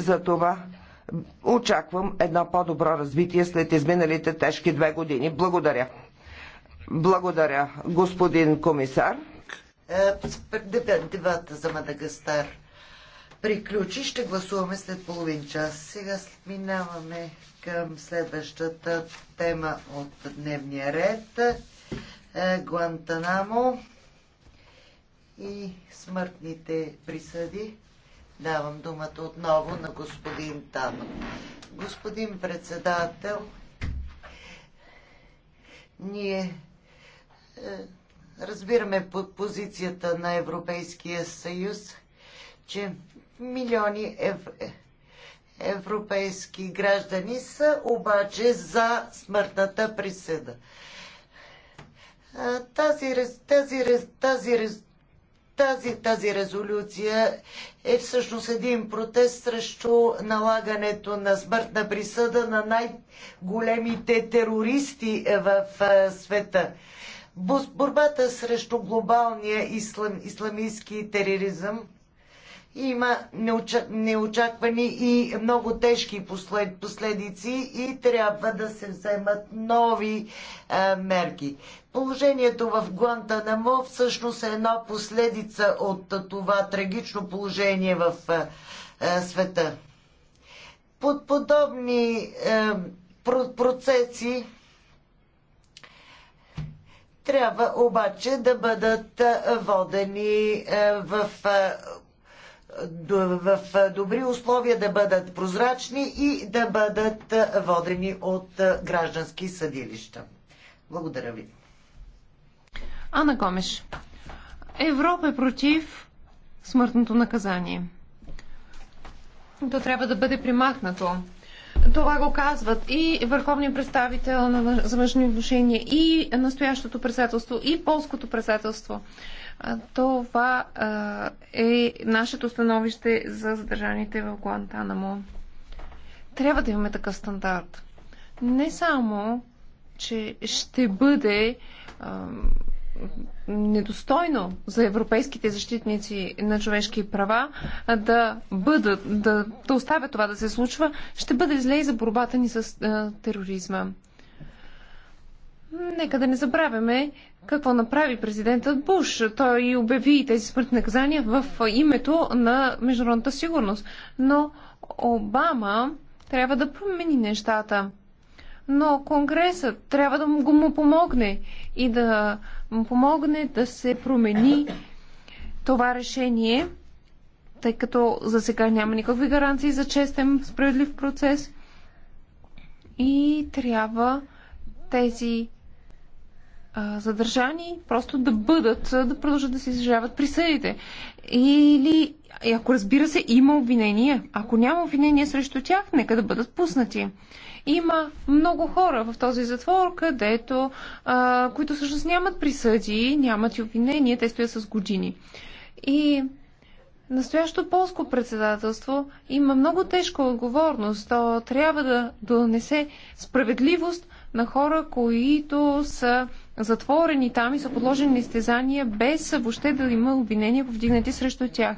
За това очаквам едно по-добро развитие след изминалите тежки две години. Благодаря. Благодаря, господин комисар. Е, дебата за Мадагастар приключи. Ще гласуваме след половин час. Сега минаваме към следващата тема от дневния ред. Е, Гуантанамо и смъртните присъди. Давам думата отново на господин Тан. Господин председател, ние е, разбираме под позицията на Европейския съюз, че милиони ев... Е, европейски граждани са обаче за смъртната присъда. Тази, тази, тази, тази тази, тази резолюция е всъщност един протест срещу налагането на смъртна присъда на най-големите терористи е, в е, света. Борбата срещу глобалния ислам, исламистски тероризъм има неочаквани и много тежки последици и трябва да се вземат нови а, е, мерки. Положението в Гуантанамо всъщност е една последица от това трагично положение в а, е, е, света. Под подобни а, процеси трябва обаче да бъдат водени в в добри условия да бъдат прозрачни и да бъдат водени от граждански съдилища. Благодаря ви. Ана Гомеш. Европа е против смъртното наказание. То трябва да бъде примахнато. Това го казват и върховният представител на външни отношения, и настоящото председателство, и полското председателство. Това е нашето становище за задържаните в Гуантанамо. Трябва да имаме такъв стандарт. Не само, че ще бъде недостойно за европейските защитници на човешки права да бъдат, да, да оставят това да се случва, ще бъде зле и за борбата ни с а, тероризма. Нека да не забравяме какво направи президентът Буш. Той и обяви тези смъртни наказания в името на международната сигурност. Но Обама трябва да промени нещата. Но Конгресът трябва да го му помогне и да му помогне да се промени това решение, тъй като за сега няма никакви гаранции за честен, справедлив процес. И трябва тези задържани, просто да бъдат, да продължат да се изживяват присъдите. Или, ако разбира се, има обвинения. Ако няма обвинения срещу тях, нека да бъдат пуснати. Има много хора в този затвор, където, а, които всъщност нямат присъди, нямат и обвинения, те стоят с години. И Настоящо полско председателство има много тежка отговорност. То трябва да донесе справедливост на хора, които са затворени там и са подложени на изтезания без въобще да има обвинения повдигнати срещу тях.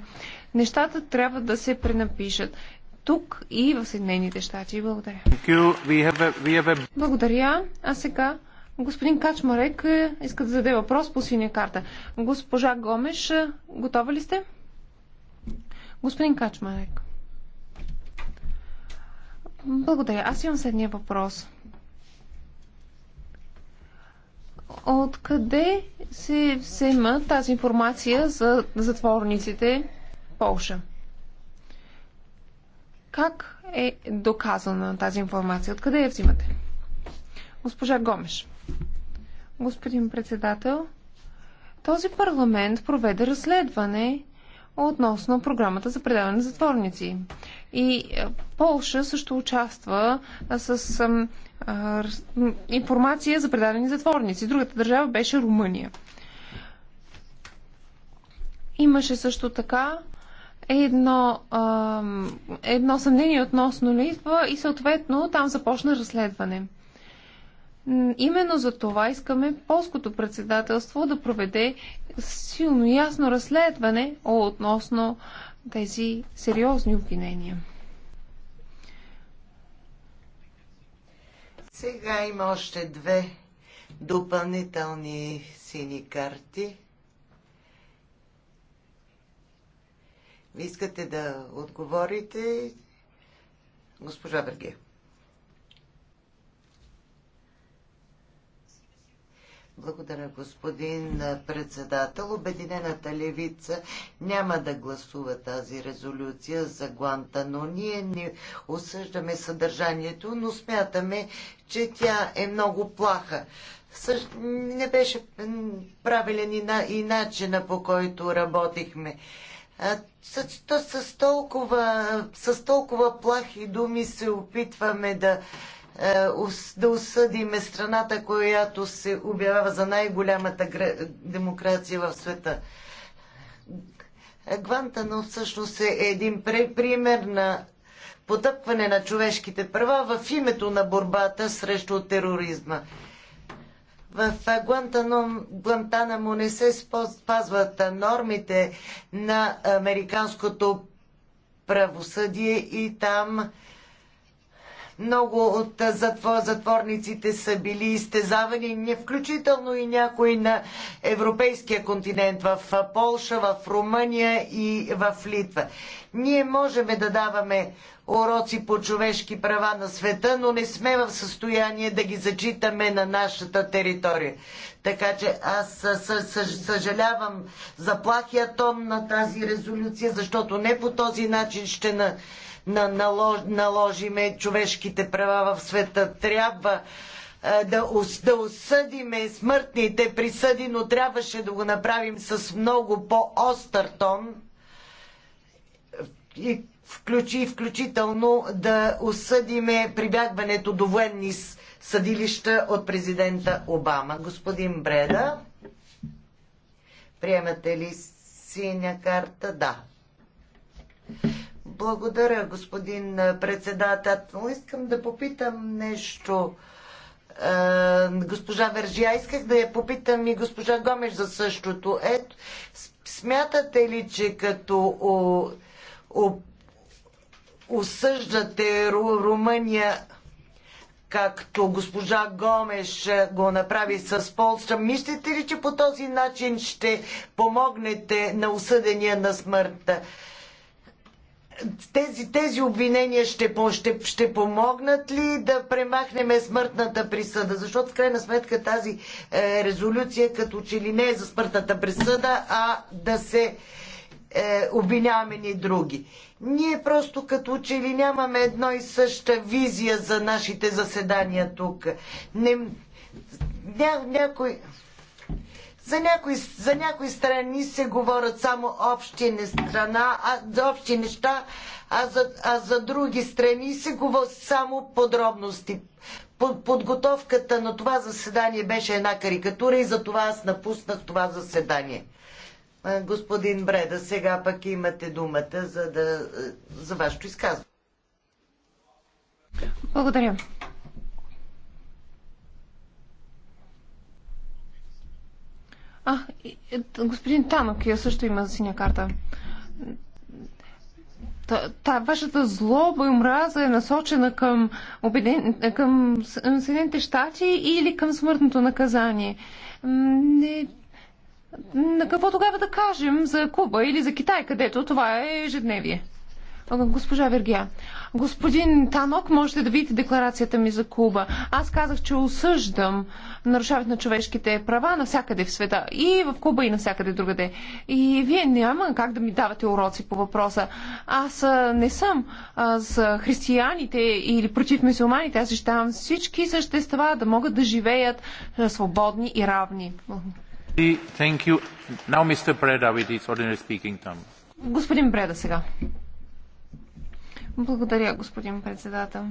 Нещата трябва да се пренапишат тук и в Съединените щати. Благодаря. Благодаря. А сега господин Качмарек е, иска да зададе въпрос по синя карта. Госпожа Гомеш, е, готова ли сте? Господин Качмарек. Благодаря. Аз имам следния въпрос. Откъде се взема тази информация за затворниците в Полша? Как е доказана тази информация? Откъде я взимате? Госпожа Гомеш. Господин председател, този парламент проведе разследване относно програмата за предаване на затворници. И е, Полша също участва с а, информация за предадени затворници. Другата държава беше Румъния. Имаше също така едно, а, едно съмнение относно Литва и съответно там започна разследване. Именно за това искаме полското председателство да проведе силно ясно разследване относно тези сериозни обвинения. Сега има още две допълнителни сини карти. Ви искате да отговорите, госпожа Бергия. Благодаря, господин председател. Обединената левица няма да гласува тази резолюция за Гуанта, но ние не осъждаме съдържанието, но смятаме, че тя е много плаха. не беше правилен и, на, и начина по който работихме. С, с, с, толкова, с толкова плахи думи се опитваме да е, да осъдиме страната, която се обявява за най-голямата демокрация в света. Гвантано всъщност е един пример на потъпване на човешките права в името на борбата срещу тероризма. В Гуантанамо не се спазват нормите на американското правосъдие и там много от затвор, затворниците са били изтезавани, включително и някои на европейския континент, в Полша, в Румъния и в Литва. Ние можем да даваме уроци по човешки права на света, но не сме в състояние да ги зачитаме на нашата територия. Така че аз съжалявам за плахия тон на тази резолюция, защото не по този начин ще, на, наложиме човешките права в света. Трябва е, да, да осъдиме смъртните присъди, но трябваше да го направим с много по-остър тон и включи, включително да осъдиме прибягването до военни съдилища от президента Обама. Господин Бреда, приемате ли синя карта? Да. Благодаря, господин председател. Искам да попитам нещо. Е, госпожа Вержия, исках да я попитам и госпожа Гомеш за същото. Ето, смятате ли, че като осъждате Румъния, както госпожа Гомеш го направи с Полша, мислите ли, че по този начин ще помогнете на осъдения на смъртта? тези, тези обвинения ще, ще, ще помогнат ли да премахнем смъртната присъда? Защото в крайна сметка тази е, резолюция като че ли не е за смъртната присъда, а да се е, обвиняваме ни други. Ние просто като че ли нямаме едно и съща визия за нашите заседания тук. Не, ня, някой... За някои, за някои страни се говорят само общи, не страна, а, за общи неща, а за, а за други страни се говорят само подробности. Под, подготовката на това заседание беше една карикатура и за това аз напуснах това заседание. Господин Бреда, сега пък имате думата за, да, за вашето изказване. Благодаря. А, е, господин Танок я също има синя карта. Та, та, вашата злоба и омраза е насочена към, обеден, към Съединените щати или към смъртното наказание. Не, на какво тогава да кажем за Куба или за Китай, където това е ежедневие? Госпожа Вергия, Господин Танок, можете да видите декларацията ми за Куба. Аз казах, че осъждам нарушаването на човешките права навсякъде в света. И в Куба, и навсякъде другаде. И вие няма как да ми давате уроци по въпроса. Аз не съм с християните или против мусулманите. Аз защитавам всички същества да могат да живеят свободни и равни. Now, Господин Бреда сега. Благодаря, господин председател.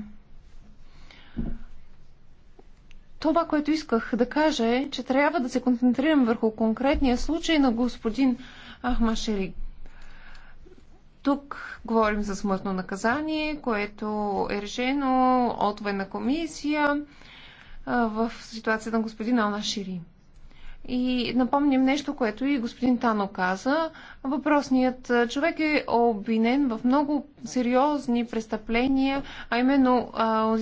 Това, което исках да кажа е, че трябва да се концентрирам върху конкретния случай на господин Ахмашери. Тук говорим за смъртно наказание, което е решено от военна комисия в ситуация на господин Алнашири. И напомним нещо, което и господин Тано каза. Въпросният човек е обвинен в много сериозни престъпления, а именно а,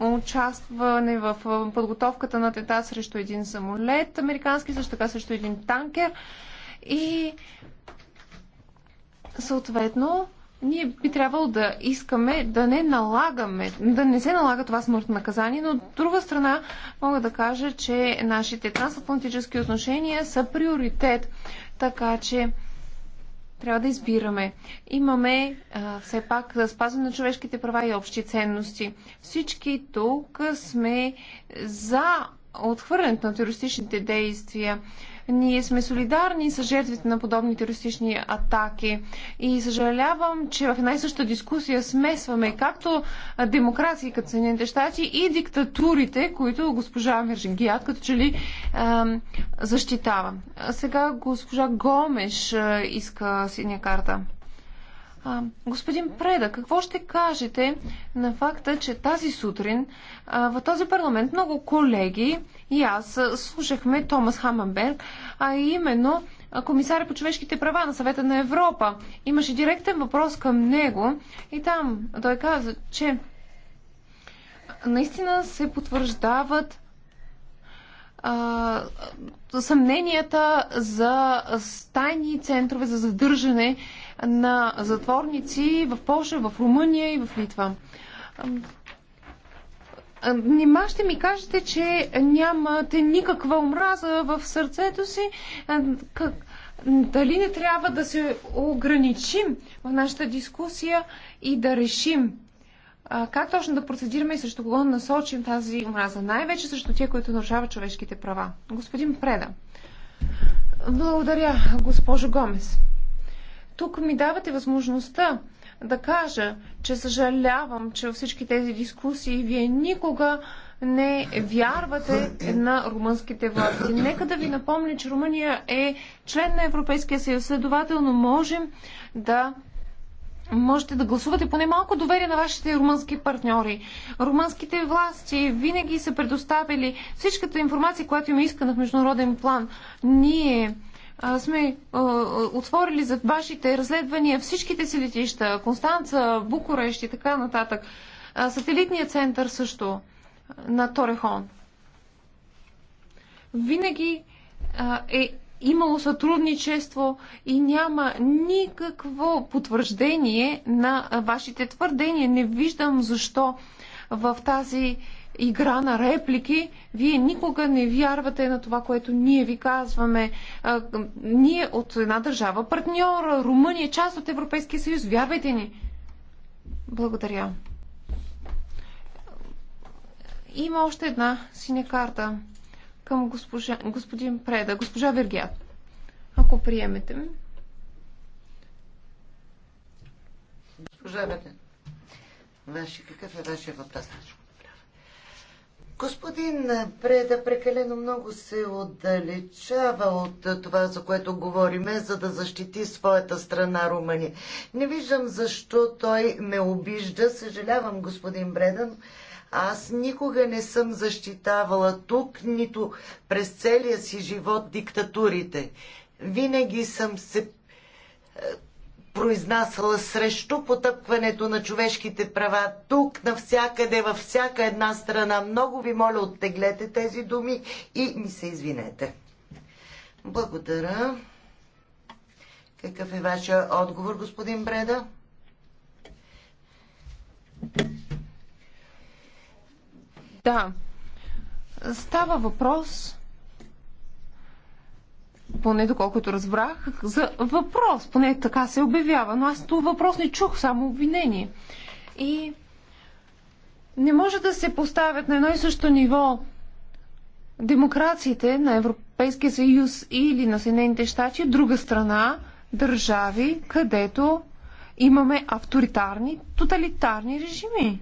участване в подготовката на тета срещу един самолет американски, също така срещу един танкер. И съответно ние би трябвало да искаме да не налагаме, да не се налага това смъртно наказание, но от друга страна мога да кажа, че нашите трансатлантически отношения са приоритет, така че трябва да избираме. Имаме а, все пак да спазване на човешките права и общи ценности. Всички тук сме за отхвърлянето на терористичните действия. Ние сме солидарни с жертвите на подобни терористични атаки и съжалявам, че в една и съща дискусия смесваме както демокрации като Съединените щати и диктатурите, които госпожа Мержингият като че ли защитава. сега госпожа Гомеш иска синя карта. А, господин Преда, какво ще кажете на факта, че тази сутрин а, в този парламент много колеги и аз слушахме Томас Хаманберг, а именно комисаря по човешките права на съвета на Европа. Имаше директен въпрос към него и там той каза, че наистина се потвърждават а, съмненията за стайни центрове за задържане на затворници в Польша, в Румъния и в Литва. Нима ще ми кажете, че нямате никаква омраза в сърцето си? Как? Дали не трябва да се ограничим в нашата дискусия и да решим как точно да процедираме и срещу кого насочим тази омраза? Най-вече срещу тия, които нарушават човешките права. Господин Преда. Благодаря, госпожо Гомес. Тук ми давате възможността да кажа, че съжалявам, че във всички тези дискусии вие никога не вярвате на румънските власти. Нека да ви напомня, че Румъния е член на Европейския съюз. Следователно можем да можете да гласувате поне малко доверие на вашите румънски партньори. Румънските власти винаги са предоставили всичката информация, която им е искана в международен план. Ние сме отворили за вашите разследвания всичките си летища, Констанца, Букурещ и така нататък. Сателитният център също на Торехон. Винаги е имало сътрудничество и няма никакво потвърждение на вашите твърдения. Не виждам защо в тази игра на реплики. Вие никога не вярвате на това, което ние ви казваме. А, ние от една държава партньора, Румъния, част от Европейския съюз, вярвайте ни. Благодаря. Има още една синя карта към госпожа, господин Преда, госпожа Вергия. Ако приемете ми. Госпожа Вергият, какъв е вашия въпрос? Господин Преда прекалено много се отдалечава от това, за което говориме, за да защити своята страна Румъния. Не виждам защо той ме обижда. Съжалявам, господин Бредан. Аз никога не съм защитавала тук, нито през целия си живот диктатурите. Винаги съм се произнасяла срещу потъпкването на човешките права тук, навсякъде, във всяка една страна. Много ви моля, оттеглете тези думи и ми се извинете. Благодаря. Какъв е вашия отговор, господин Бреда? Да. Става въпрос поне доколкото разбрах, за въпрос. Поне така се обявява, но аз този въпрос не чух, само обвинение. И не може да се поставят на едно и също ниво демокрациите на Европейския съюз или на Съединените щати, друга страна, държави, където имаме авторитарни, тоталитарни режими.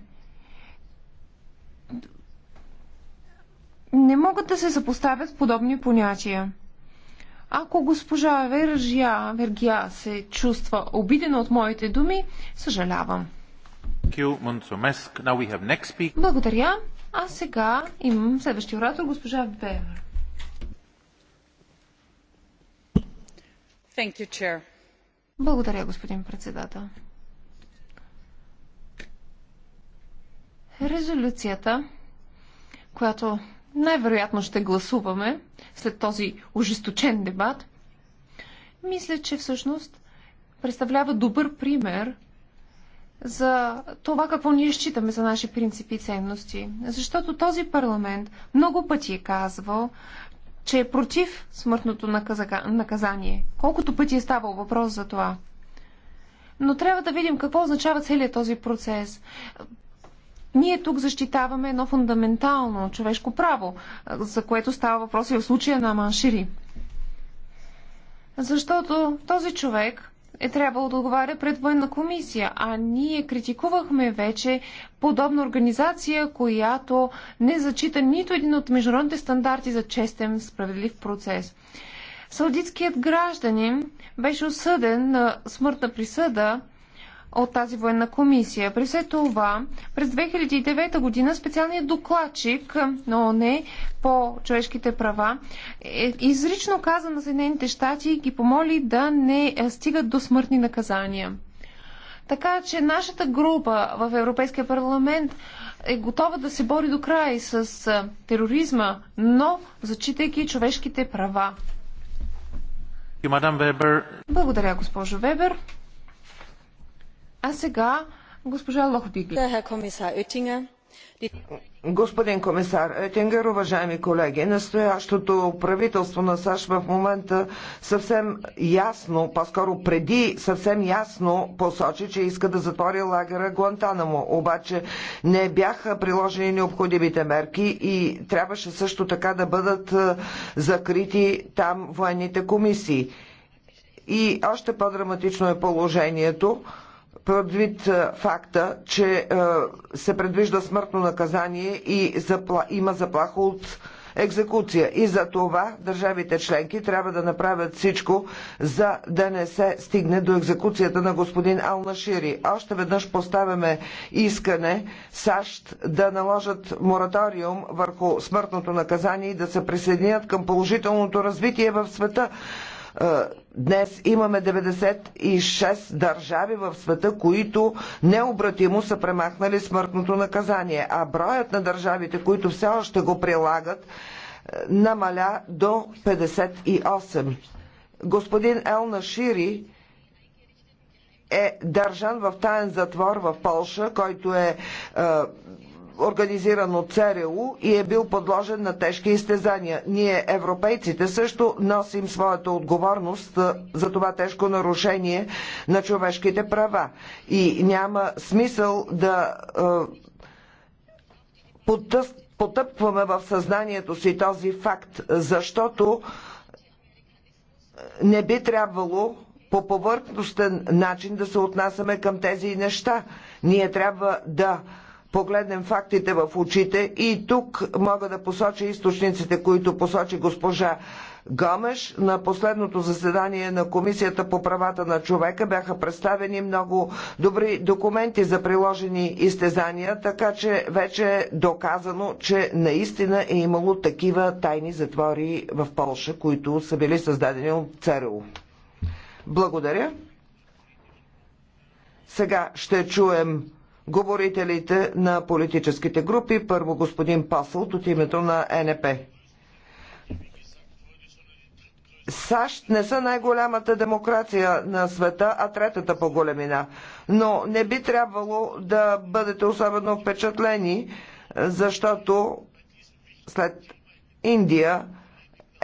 Не могат да се съпоставят подобни понятия. Ако госпожа Вержия, Вергия се чувства обидена от моите думи, съжалявам. Благодаря. А сега имам следващия оратор, госпожа Вевер. You, Благодаря, господин председател. Резолюцията, която най-вероятно ще гласуваме след този ожесточен дебат, мисля, че всъщност представлява добър пример за това какво ние считаме за наши принципи и ценности. Защото този парламент много пъти е казвал, че е против смъртното наказание. Колкото пъти е ставал въпрос за това. Но трябва да видим какво означава целият този процес. Ние тук защитаваме едно фундаментално човешко право, за което става въпрос и в случая на Маншири. Защото този човек е трябвало да отговаря пред военна комисия, а ние критикувахме вече подобна организация, която не зачита нито един от международните стандарти за честен, справедлив процес. Саудитският гражданин беше осъден на смъртна присъда от тази военна комисия. При все това, през 2009 година специалният докладчик на ОНЕ по човешките права е изрично каза на Съединените щати и ги помоли да не стигат до смъртни наказания. Така че нашата група в Европейския парламент е готова да се бори до край с тероризма, но зачитайки човешките права. Благодаря, госпожо Вебер. А сега госпожа Лохбиги. Господин комисар Етингер, уважаеми колеги, настоящото правителство на САЩ в момента съвсем ясно, по-скоро преди съвсем ясно посочи, че иска да затвори лагера Гуантанамо. Обаче не бяха приложени необходимите мерки и трябваше също така да бъдат е, закрити там военните комисии. И още по-драматично е положението предвид е, факта, че е, се предвижда смъртно наказание и има заплаха от екзекуция. И за това държавите членки трябва да направят всичко, за да не се стигне до екзекуцията на господин Алнашири. Още веднъж поставяме искане САЩ да наложат мораториум върху смъртното наказание и да се присъединят към положителното развитие в света. Днес имаме 96 държави в света, които необратимо са премахнали смъртното наказание, а броят на държавите, които все още го прилагат, е, намаля до 58. Господин Елна Шири е държан в таен затвор в Полша, който е, е организирано ЦРУ и е бил подложен на тежки изтезания. Ние, европейците, също носим своята отговорност за това тежко нарушение на човешките права. И няма смисъл да потъпваме в съзнанието си този факт, защото не би трябвало по повърхностен начин да се отнасяме към тези неща. Ние трябва да погледнем фактите в очите и тук мога да посоча източниците, които посочи госпожа Гомеш. На последното заседание на Комисията по правата на човека бяха представени много добри документи за приложени изтезания, така че вече е доказано, че наистина е имало такива тайни затвори в Полша, които са били създадени от ЦРУ. Благодаря. Сега ще чуем говорителите на политическите групи. Първо господин Пасълт от името на НП. САЩ не са най-голямата демокрация на света, а третата по големина. Но не би трябвало да бъдете особено впечатлени, защото след Индия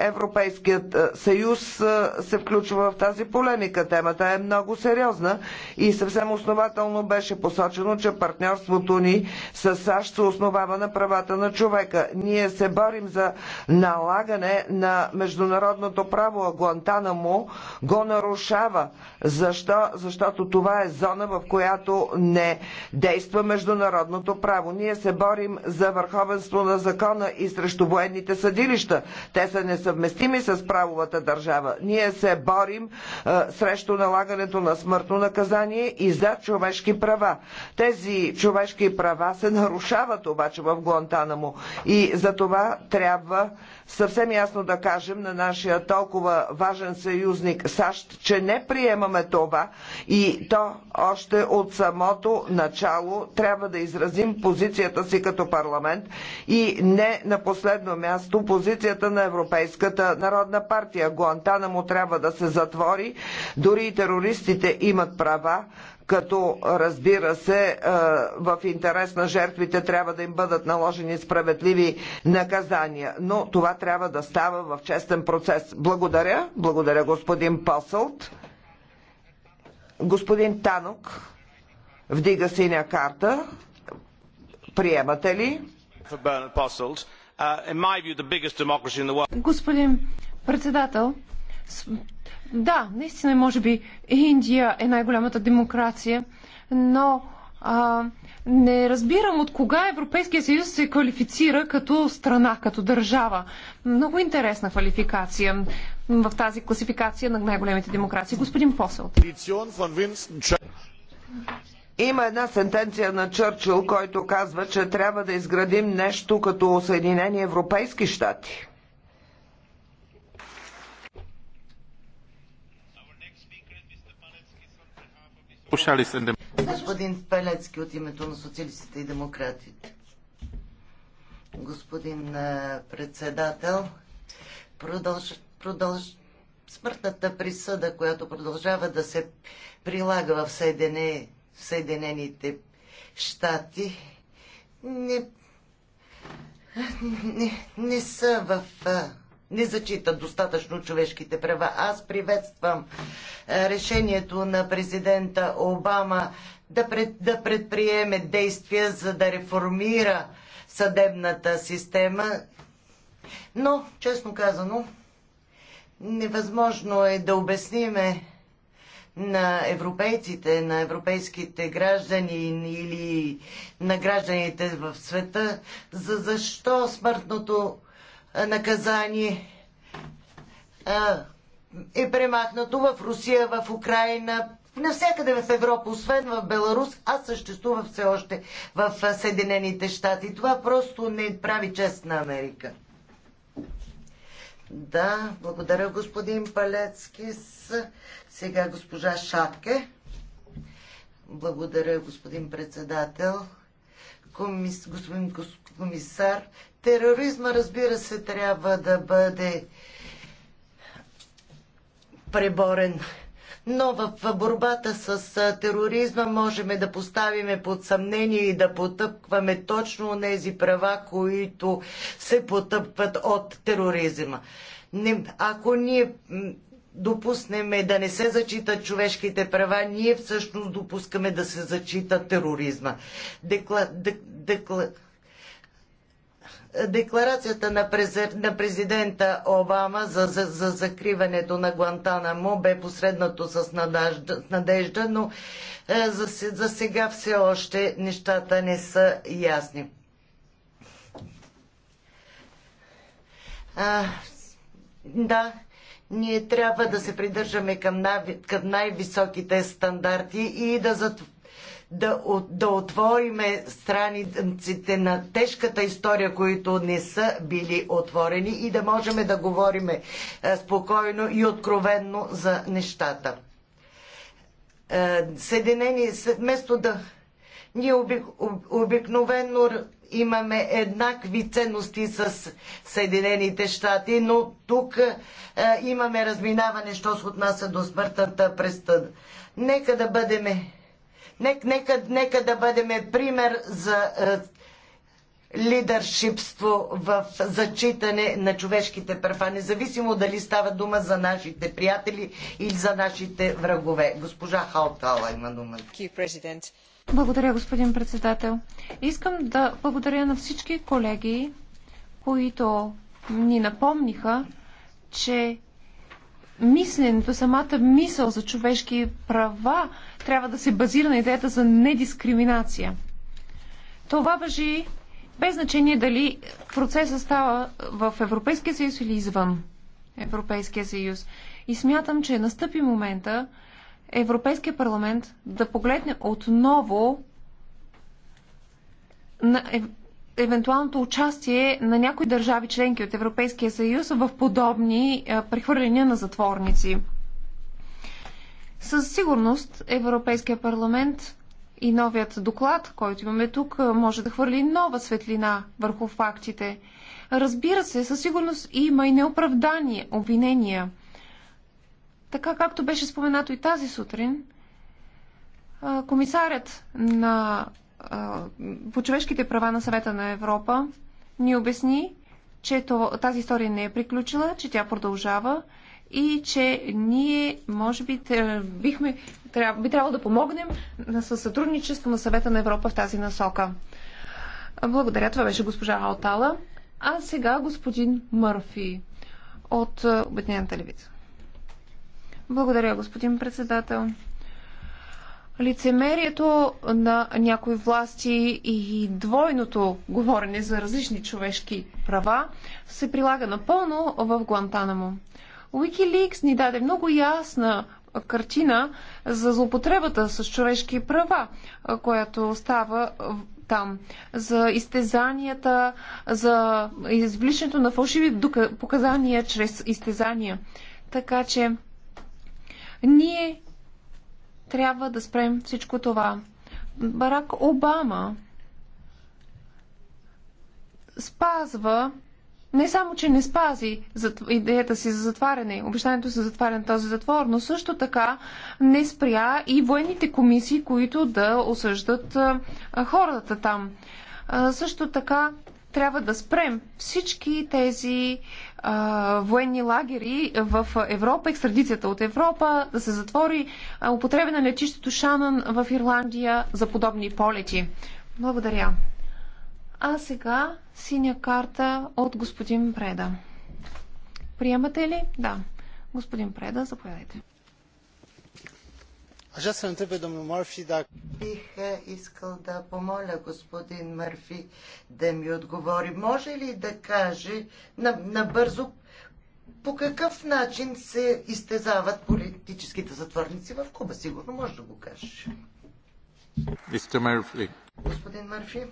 Европейският е, съюз е, се включва в тази полемика. Темата е много сериозна и съвсем основателно беше посочено, че партньорството ни с САЩ се основава на правата на човека. Ние се борим за налагане на международното право, а Гуантана му го нарушава. Защо? Защото това е зона, в която не действа международното право. Ние се борим за върховенство на закона и срещу военните съдилища. Те са не несъвместими с правовата държава. Ние се борим а, е, срещу налагането на смъртно наказание и за човешки права. Тези човешки права се нарушават обаче в Гуантанамо и за това трябва съвсем ясно да кажем на нашия толкова важен съюзник САЩ, че не приемаме това и то още от самото начало трябва да изразим позицията си като парламент и не на последно място позицията на Европейска Кубинската народна партия. Гуантанамо трябва да се затвори. Дори и терористите имат права, като разбира се е, в интерес на жертвите трябва да им бъдат наложени справедливи наказания. Но това трябва да става в честен процес. Благодаря. Благодаря господин Пасълт. Господин Танок вдига синя карта. Приемате ли? For Bernard Posselt. Uh, Господин председател, да, наистина, може би Индия е най-голямата демокрация, но а, не разбирам от кога Европейския съюз се квалифицира като страна, като държава. Много интересна квалификация в тази класификация на най-големите демокрации. Господин Посел. Има една сентенция на Чърчил, който казва, че трябва да изградим нещо като Съединени Европейски щати. Господин Пелецки от името на социалистите и демократите. Господин председател, продълж, продълж, смъртната присъда, която продължава да се прилага в Съединените Съединените щати не, не, не са в. не зачитат достатъчно човешките права. Аз приветствам решението на президента Обама да, пред, да предприеме действия за да реформира съдебната система, но, честно казано, невъзможно е да обясниме на европейците, на европейските граждани или на гражданите в света за защо смъртното наказание е премахнато в Русия, в Украина, навсякъде в Европа, освен в Беларус, а съществува все още в Съединените щати. Това просто не прави чест на Америка. Да, благодаря господин Палецки. Сега госпожа Шатке. Благодаря господин председател. Комис, господин комисар, тероризма разбира се трябва да бъде преборен но в борбата с тероризма можем да поставиме под съмнение и да потъпкваме точно тези права, които се потъпват от тероризма. Не, ако ние допуснеме да не се зачитат човешките права, ние всъщност допускаме да се зачита тероризма. Декла, дек, декла, Декларацията на, президента Обама за, за, за закриването на Гуантанамо бе посреднато с надежда, надежда но е, за, за сега все още нещата не са ясни. А, да, ние трябва да се придържаме към, най- към най-високите стандарти и да затворим да, да отвориме страниците на тежката история, които не са били отворени и да можем да говорим е, спокойно и откровенно за нещата. Е, Съединени, вместо да ние обик, обикновенно имаме еднакви ценности с Съединените щати, но тук е, имаме разминаване, що се отнася до смъртната престъда. Нека да бъдеме Нека, нека, нека да бъдем пример за е, лидершипство в зачитане на човешките права, независимо дали става дума за нашите приятели или за нашите врагове. Госпожа Халтала има дума. Благодаря, господин председател. Искам да благодаря на всички колеги, които ни напомниха, че мисленето, самата мисъл за човешки права трябва да се базира на идеята за недискриминация. Това въжи без значение дали процеса става в Европейския съюз или извън Европейския съюз. И смятам, че настъпи момента Европейския парламент да погледне отново на евентуалното участие на някои държави членки от Европейския съюз в подобни е, прехвърляния на затворници. Със сигурност Европейския парламент и новият доклад, който имаме тук, е, може да хвърли нова светлина върху фактите. Разбира се, със сигурност има и неоправдани обвинения. Така както беше споменато и тази сутрин, е, комисарят на по човешките права на съвета на Европа ни обясни, че тази история не е приключила, че тя продължава и че ние, може би, бихме, трябва, би трябвало да помогнем със сътрудничество на съвета на Европа в тази насока. Благодаря, това беше госпожа Алтала. А сега господин Мърфи от Обединената левица. Благодаря, господин председател лицемерието на някои власти и двойното говорене за различни човешки права се прилага напълно в Гуантанамо. Wikileaks ни даде много ясна картина за злопотребата с човешки права, която става там, за изтезанията, за извличането на фалшиви показания чрез изтезания. Така че ние трябва да спрем всичко това. Барак Обама спазва не само, че не спази идеята си за затваряне, обещанието си за затваряне на този затвор, но също така не спря и военните комисии, които да осъждат хората там. Също така трябва да спрем всички тези а, военни лагери в Европа, екстрадицията от Европа, да се затвори а, употреба на летището Шанан в Ирландия за подобни полети. Благодаря. А сега синя карта от господин Преда. Приемате ли? Да. Господин Преда, заповядайте. Бих е, искал да помоля господин Мърфи да ми отговори. Може ли да каже набързо по какъв начин се изтезават политическите затворници в Куба? Сигурно може да го каже. Господин Мърфи.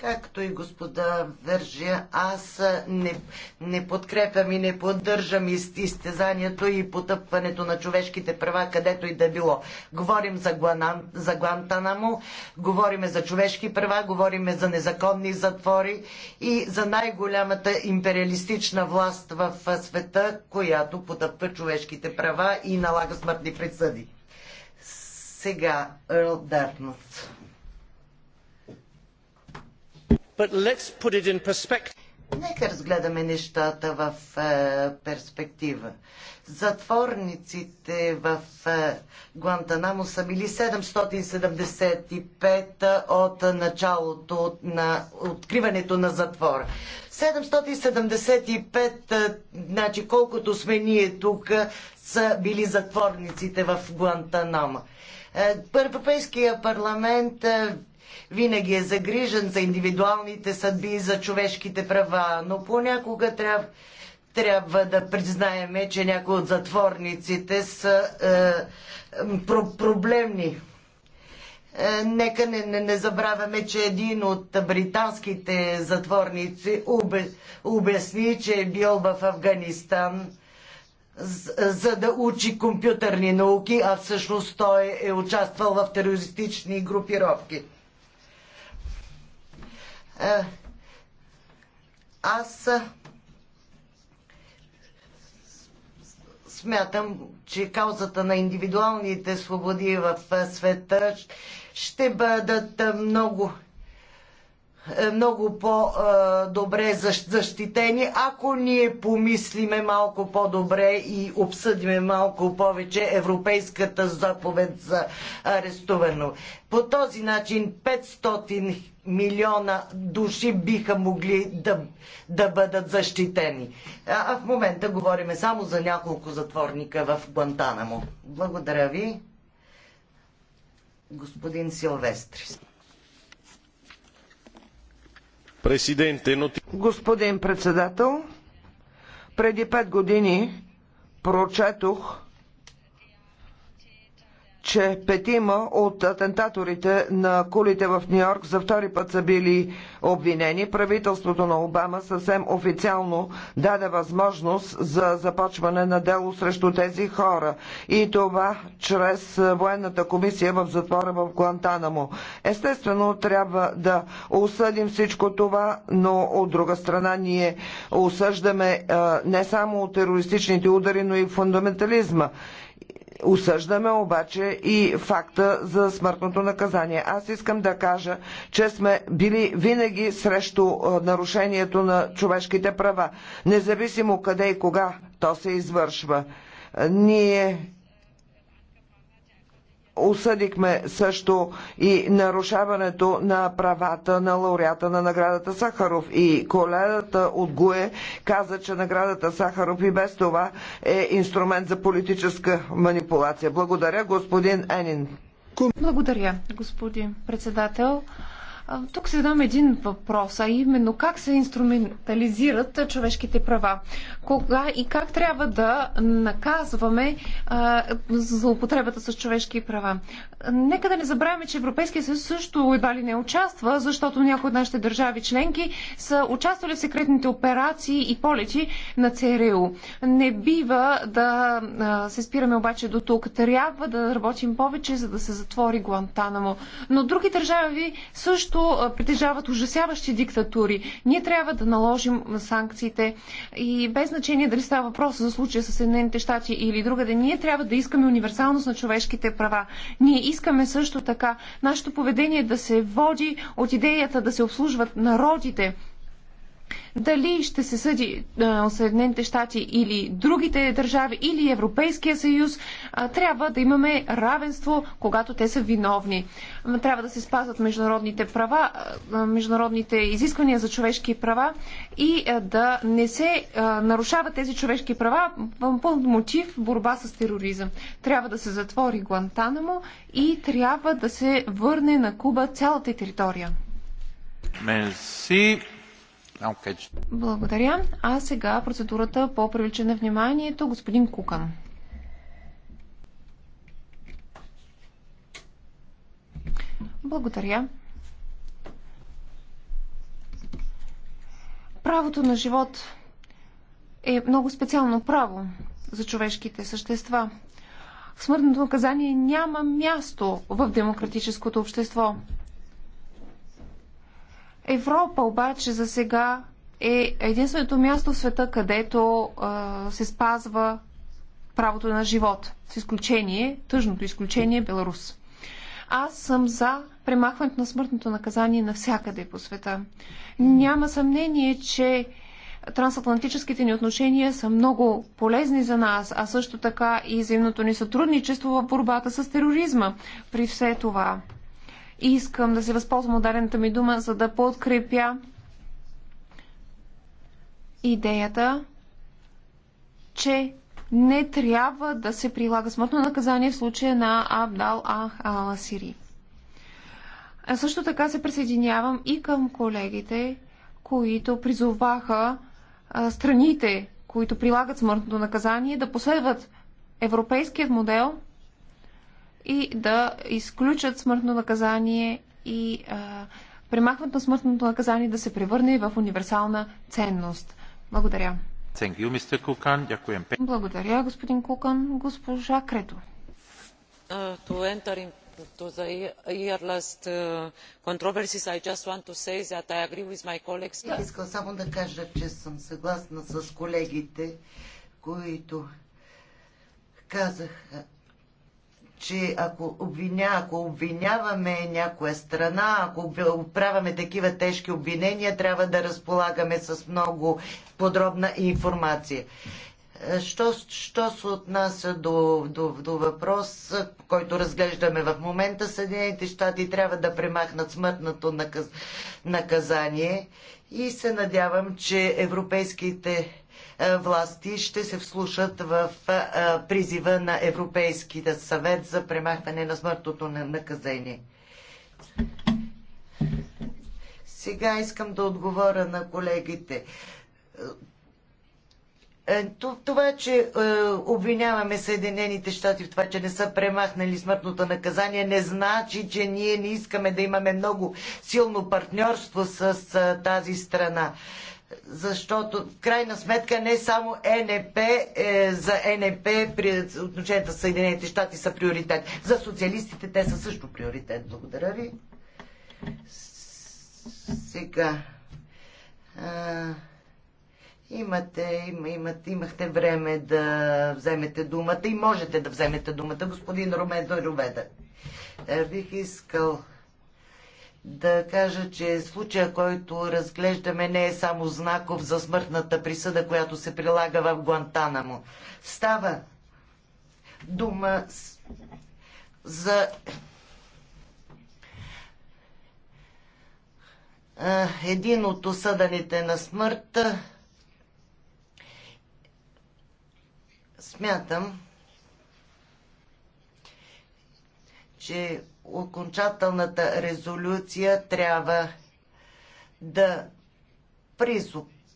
Както и господа Вържия, аз не, не подкрепям и не поддържам изтезанието и потъпването на човешките права, където и да било. Говорим за, Гуанан, за Гуантанамо, говорим за човешки права, говорим за незаконни затвори и за най-голямата империалистична власт в света, която потъпва човешките права и налага смъртни присъди. Сега Ерл Дартмут but let's put it in perspective. Нека разгледаме нещата в е, перспектива. Затворниците в е, Гуантанамо са били 775 от началото на откриването на затвора. 775, е, значи колкото сме ние тук, са били затворниците в Гуантанама. Е, Европейския парламент е, винаги е загрижен за индивидуалните съдби и за човешките права, но понякога трябва, трябва да признаеме, че някои от затворниците са е, про- проблемни. Е, нека не, не, не забравяме, че един от британските затворници обе, обясни, че е бил в Афганистан за да учи компютърни науки, а всъщност той е участвал в терористични групировки. Е, аз смятам, че каузата на индивидуалните свободи в света ще бъдат много е, много по-добре защитени, ако ние помислиме малко по-добре и обсъдиме малко повече Европейската заповед за арестувано. По този начин 500 милиона души биха могли да, да бъдат защитени. А в момента говориме само за няколко затворника в Гуантанамо. Благодаря ви, господин Силвестрис. Господин председател, преди пет години прочетох че петима от атентаторите на кулите в Нью Йорк за втори път са били обвинени. Правителството на Обама съвсем официално даде възможност за започване на дело срещу тези хора. И това чрез военната комисия в затвора в Гуантанамо. Естествено, трябва да осъдим всичко това, но от друга страна ние осъждаме не само терористичните удари, но и фундаментализма. Осъждаме обаче и факта за смъртното наказание. Аз искам да кажа, че сме били винаги срещу е, нарушението на човешките права, независимо къде и кога то се извършва. Е, ние осъдихме също и нарушаването на правата на лауреата на наградата Сахаров. И колегата от ГУЕ каза, че наградата Сахаров и без това е инструмент за политическа манипулация. Благодаря, господин Енин. Благодаря, господин председател. Тук се задам един въпрос, а именно как се инструментализират човешките права? Кога и как трябва да наказваме а, злоупотребата с човешки права? Нека да не забравяме, че Европейския съюз също едва ли не участва, защото някои от нашите държави членки са участвали в секретните операции и полети на ЦРУ. Не бива да се спираме обаче до тук. Трябва да работим повече, за да се затвори Гуантанамо. Но други държави също които притежават ужасяващи диктатури. Ние трябва да наложим санкциите и без значение дали става въпрос за случая с Съединените щати или друга, да ние трябва да искаме универсалност на човешките права. Ние искаме също така нашето поведение да се води от идеята да се обслужват народите, дали ще се съди Съединените щати или другите държави, или Европейския съюз, трябва да имаме равенство, когато те са виновни. Трябва да се спазват международните права, международните изисквания за човешки права и да не се нарушават тези човешки права под мотив борба с тероризъм. Трябва да се затвори Гуантанамо и трябва да се върне на Куба цялата територия. Мерси. Okay. Благодаря. А сега процедурата по привличане на вниманието. Господин Кукан. Благодаря. Правото на живот е много специално право за човешките същества. Смъртното наказание няма място в демократическото общество. Европа обаче за сега е единственото място в света, където а, се спазва правото на живот. С изключение, тъжното изключение е Беларус. Аз съм за премахването на смъртното наказание навсякъде по света. Няма съмнение, че трансатлантическите ни отношения са много полезни за нас, а също така и взаимното ни сътрудничество в борбата с тероризма. При все това и искам да се възползвам от дадената ми дума, за да подкрепя идеята, че не трябва да се прилага смъртно наказание в случая на Абдал Ал Асири. А също така се присъединявам и към колегите, които призоваха страните, които прилагат смъртното наказание, да последват европейският модел – и да изключат смъртно наказание и а, премахват на смъртното наказание да се превърне в универсална ценност. Благодаря. Благодаря, господин Кукан. Госпожа Крето. Uh, to the uh, controversies i just want to say that i agree with my colleagues. искам само да кажа че съм съгласна с колегите които казаха че ако, обвиня, ако обвиняваме някоя страна, ако правяме такива тежки обвинения, трябва да разполагаме с много подробна информация. Е, що, що се отнася до, до, до въпрос, който разглеждаме в момента, Съединените щати трябва да премахнат смъртното наказ, наказание и се надявам, че европейските е, власти ще се вслушат в е, призива на Европейския съвет за премахване на смъртното наказание. Сега искам да отговоря на колегите. Е, това, че обвиняваме Съединените щати в това, че не са премахнали смъртното наказание, не значи, че ние не искаме да имаме много силно партньорство с тази страна защото в крайна сметка не само НП е, за НП при отношенията с Съединените щати са приоритет. За социалистите те са също приоритет. Благодаря ви. Сега. А, имате, им, имате, имахте време да вземете думата и можете да вземете думата, господин Роме роведа. Е, бих искал да кажа, че случая, който разглеждаме, не е само знаков за смъртната присъда, която се прилага в Гуантанамо. Става дума за един от осъданите на смърт. Смятам, че окончателната резолюция трябва да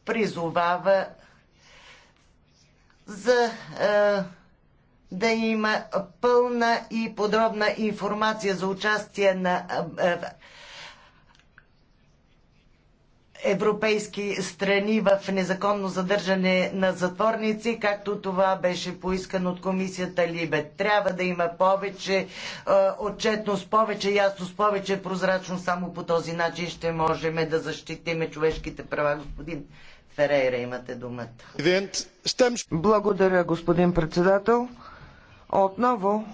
призовава за е, да има пълна и подробна информация за участие на е, европейски страни в незаконно задържане на затворници, както това беше поискано от комисията Либе. Трябва да има повече е, отчетност, повече ясност, повече прозрачност. Само по този начин ще можем да защитим човешките права, господин. Ферейра, имате думата. Благодаря, господин председател. Отново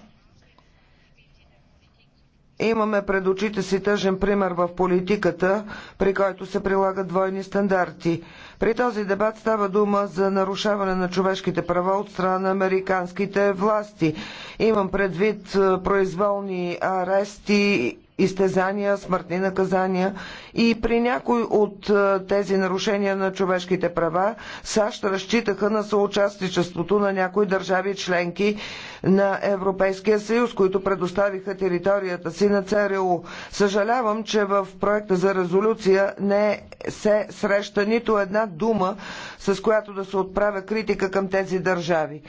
Имаме пред очите си тъжен пример в политиката, при който се прилагат двойни стандарти. При този дебат става дума за нарушаване на човешките права от страна на американските власти. Имам предвид произволни арести, изтезания, смъртни наказания и при някои от тези нарушения на човешките права САЩ разчитаха на съучастничеството на някои държави членки на Европейския съюз, които предоставиха територията си на ЦРУ. Съжалявам, че в проекта за резолюция не се среща нито една дума, с която да се отправя критика към тези държави.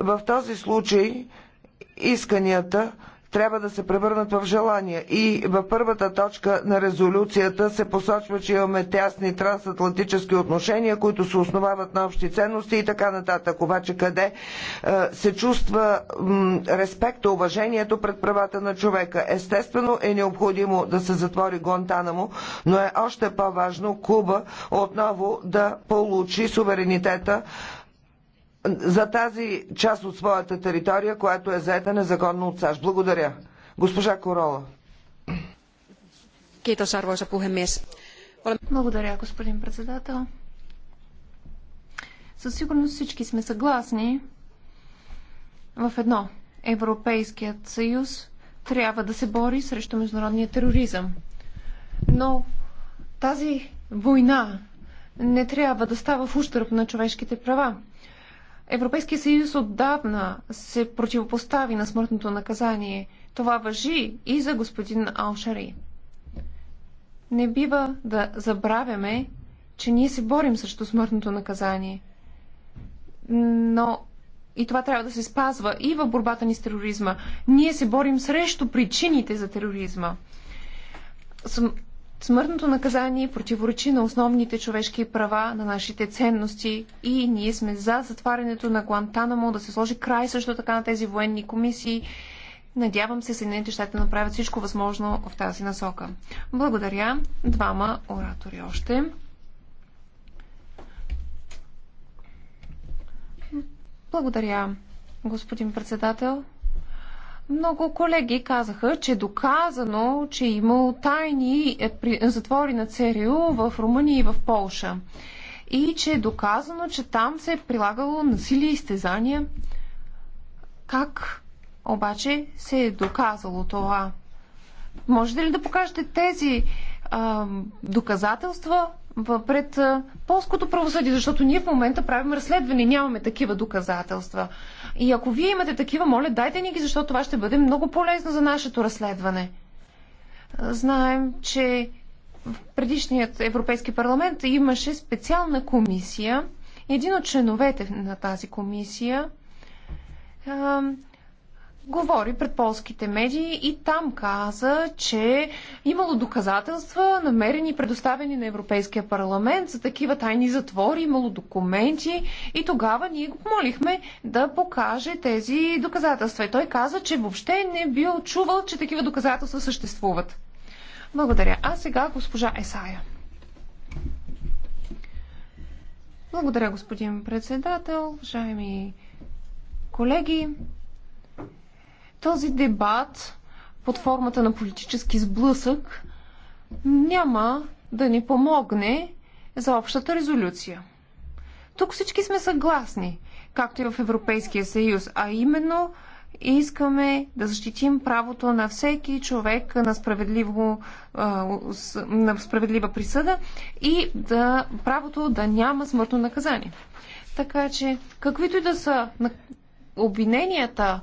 В този случай исканията трябва да се превърнат в желания. И във първата точка на резолюцията се посочва, че имаме тясни трансатлантически отношения, които се основават на общи ценности и така нататък. Обаче къде е, се чувства респекта, уважението пред правата на човека? Естествено е необходимо да се затвори Гуантанамо, но е още по-важно Куба отново да получи суверенитета за тази част от своята територия, която е заета незаконно от САЩ. Благодаря. Госпожа Корола. Благодаря, господин председател. Със сигурност всички сме съгласни в едно. Европейският съюз трябва да се бори срещу международния тероризъм. Но тази война не трябва да става в ущърп на човешките права. Европейския съюз отдавна се противопостави на смъртното наказание. Това въжи и за господин Алшари. Не бива да забравяме, че ние се борим срещу смъртното наказание. Но и това трябва да се спазва и в борбата ни с тероризма. Ние се борим срещу причините за тероризма. Смъртното наказание противоречи на основните човешки права, на нашите ценности и ние сме за затварянето на Гуантанамо, да се сложи край също така на тези военни комисии. Надявам се Съединените щати да направят всичко възможно в тази насока. Благодаря. Двама оратори още. Благодаря, господин председател. Много колеги казаха, че е доказано, че е имал тайни е, затвори на ЦРУ в Румъния и в Полша. И че е доказано, че там се е прилагало насилие и стезания. Как обаче се е доказало това? Можете ли да покажете тези а, доказателства пред а, полското правосъдие? Защото ние в момента правим разследване, и нямаме такива доказателства. И ако вие имате такива, моля, дайте ни ги, защото това ще бъде много полезно за нашето разследване. Знаем, че в предишният Европейски парламент имаше специална комисия. Един от членовете на тази комисия говори пред полските медии и там каза, че имало доказателства, намерени и предоставени на Европейския парламент за такива тайни затвори, имало документи и тогава ние го помолихме да покаже тези доказателства. И той каза, че въобще не бил чувал, че такива доказателства съществуват. Благодаря. А сега госпожа Есая. Благодаря, господин председател, уважаеми колеги. Този дебат под формата на политически сблъсък няма да ни помогне за общата резолюция. Тук всички сме съгласни, както и в Европейския съюз, а именно искаме да защитим правото на всеки човек на, справедливо, на справедлива присъда и да, правото да няма смъртно наказание. Така че, каквито и да са обвиненията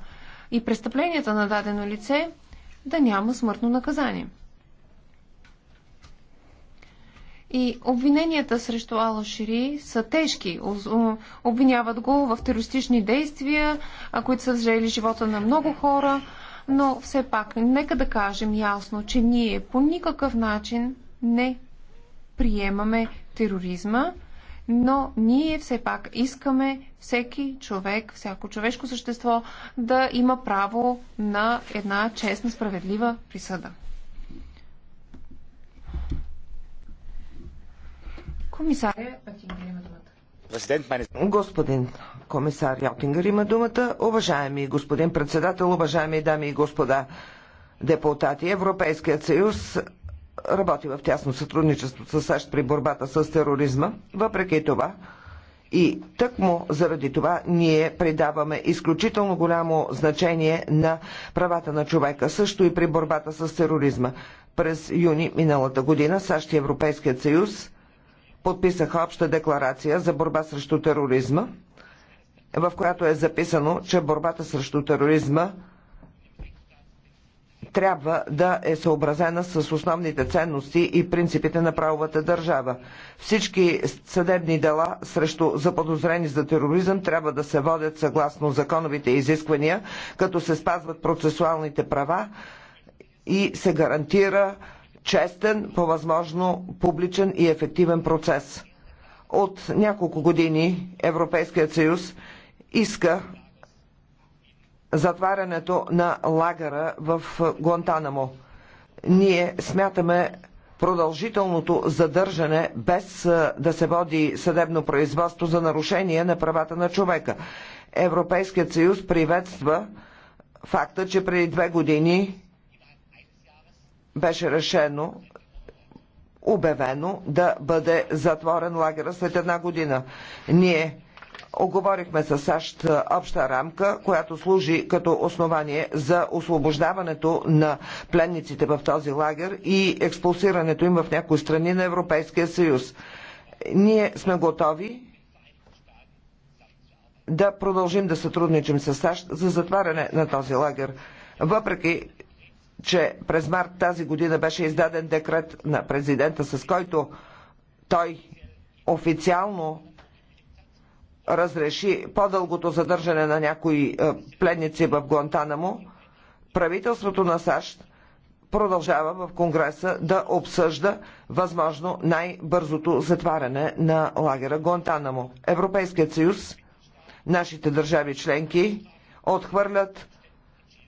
и престъпленията на дадено лице, да няма смъртно наказание. И обвиненията срещу Ала Шири са тежки. Обвиняват го в терористични действия, които са взели живота на много хора, но все пак, нека да кажем ясно, че ние по никакъв начин не приемаме тероризма но ние все пак искаме всеки човек, всяко човешко същество да има право на една честна, справедлива присъда. Комисаря има думата. Господин комисар Йотингер има думата. Уважаеми господин председател, уважаеми дами и господа депутати, Европейският съюз работи в тясно сътрудничество с САЩ при борбата с тероризма. Въпреки това, и тъкмо заради това ние придаваме изключително голямо значение на правата на човека, също и при борбата с тероризма. През юни миналата година САЩ и Европейският съюз подписаха обща декларация за борба срещу тероризма, в която е записано, че борбата срещу тероризма трябва да е съобразена с основните ценности и принципите на правовата държава. Всички съдебни дела срещу заподозрени за тероризъм трябва да се водят съгласно законовите изисквания, като се спазват процесуалните права и се гарантира честен, по възможно публичен и ефективен процес. От няколко години Европейският съюз иска затварянето на лагера в е, Гуантанамо. Ние смятаме продължителното задържане без е, да се води съдебно производство за нарушение на правата на човека. Европейският съюз приветства факта, че преди две години беше решено, обявено да бъде затворен лагера след една година. Ние оговорихме с САЩ обща рамка, която служи като основание за освобождаването на пленниците в този лагер и експулсирането им в някои страни на Европейския съюз. Ние сме готови да продължим да сътрудничим с САЩ за затваряне на този лагер. Въпреки, че през март тази година беше издаден декрет на президента, с който той официално разреши по-дългото задържане на някои е, пленници в Гуантанамо, правителството на САЩ продължава в Конгреса да обсъжда възможно най-бързото затваряне на лагера Гуантанамо. Европейският съюз, нашите държави членки отхвърлят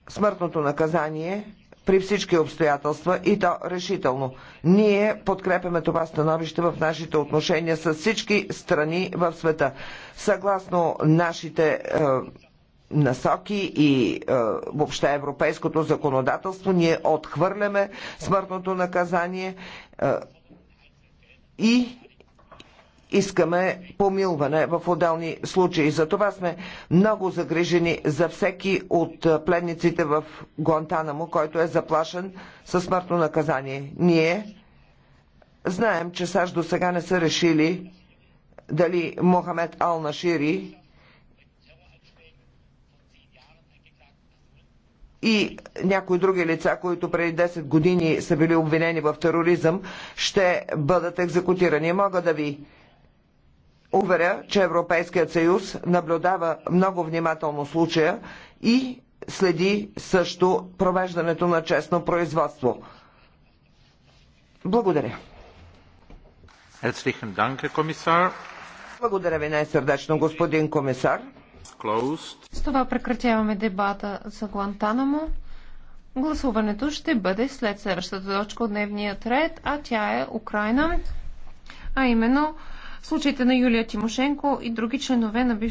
смъртното наказание при всички обстоятелства и то решително. Ние подкрепяме това становище в нашите отношения с всички страни в света. Съгласно нашите е, насоки и е, въобще европейското законодателство, ние отхвърляме смъртното наказание е, и искаме помилване в отделни случаи. Затова сме много загрижени за всеки от пленниците в Гуантанамо, който е заплашен със смъртно наказание. Ние знаем, че САЩ до сега не са решили дали Мохамед Ал-Нашири и някои други лица, които преди 10 години са били обвинени в тероризъм, ще бъдат екзекутирани. Мога да ви уверя, че Европейският съюз наблюдава много внимателно случая и следи също провеждането на честно производство. Благодаря. Благодаря ви най-сърдечно, господин комисар. С това прекратяваме дебата за Гуантанамо. Гласуването ще бъде след следващата точка от дневния ред, а тя е Украина, а именно случаите на Юлия Тимошенко и други членове на бившето